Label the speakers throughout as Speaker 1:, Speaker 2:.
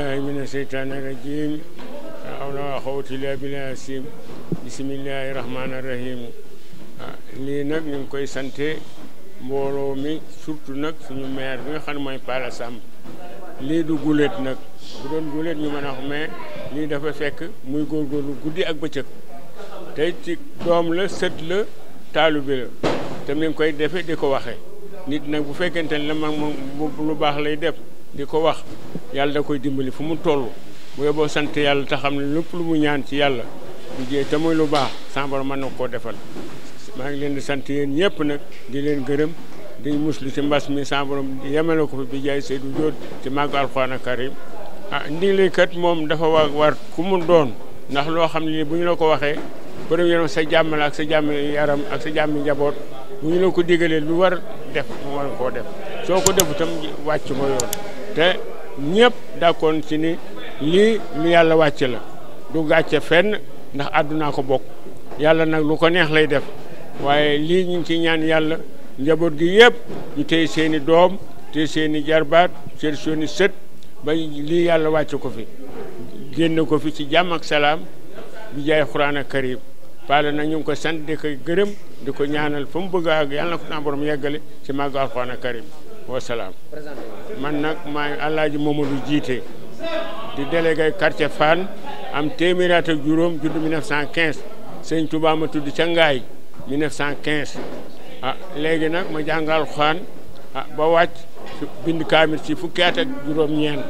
Speaker 1: الله من الشيطان الرجيم حول قوة إلا بالله العظيم lii nag ñu ngi koy sante mbooloo mi surtout nag suñu maire bi nga xam ne mooy Pala lii du guléet nag bu doon guléet ñu mën a mais lii dafa fekk muy góorgóorlu guddi ak bëccëg tey ci doom la sët la taalu bi la te mi ngi koy defe di ko waxe nit nag bu fekkente ne la mag moom lu baax lay def di ko wax yàlla da koy dimbali fu mu toll bu yóbboo sant yàlla taxam xam ne lépp lu mu ñaan ci yàlla bu jiyee te lu baax sàmbar mën na koo defal maa ngi leen di sant yéen ñëpp nag di leen gërëm di muslu ci mbas mi sàmbaram yemale ko fi bi jaay Seydou Diop ci màgg alxuraan karim ah ndigle moom dafa war war ku mu doon ndax loo xam ne bu ñu la ko waxee borom yaram sa jàmm ak sa jàmm yaram ak sa jàmm njaboot bu ñu la ko digalee lu war def mu war koo def soo ko defu tam wàcc nga yoon te ñëpp d'accord ci ni lii lu yàlla wàcc la du gàcce fenn ndax àddunaa ko bokk yàlla nag lu ko neex lay def waaye lii ñu ci ñaan yàlla njaboot gi yëpp ñu tey seen doom tey seen i jarbaat tey seen i sët ba lii yàlla wàcc ko fi génn ko fi ci jàmm ak salaam bi jaay xuraan ak karim Paala na ñu ngi ko sant di koy gërëm di ko ñaanal fa mu bëgg ak yàlla na ko naa borom yeggale ci màgg alxuraan ak wasalaam man nag maay alaaji Mamadou Jiite di délégué quartier Fann am téeméeri at ak juróom judd 1915 sëñ Touba ma tudd ca Ngaay 1915 ah, léegi nag ma jàngal xaan ah, ba wàcc bind kaamil ci fukki at juróom-ñeent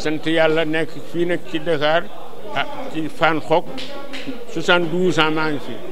Speaker 1: sant yàlla nekk fii nag ci Dakar ah ci Fann Hock 72 fi.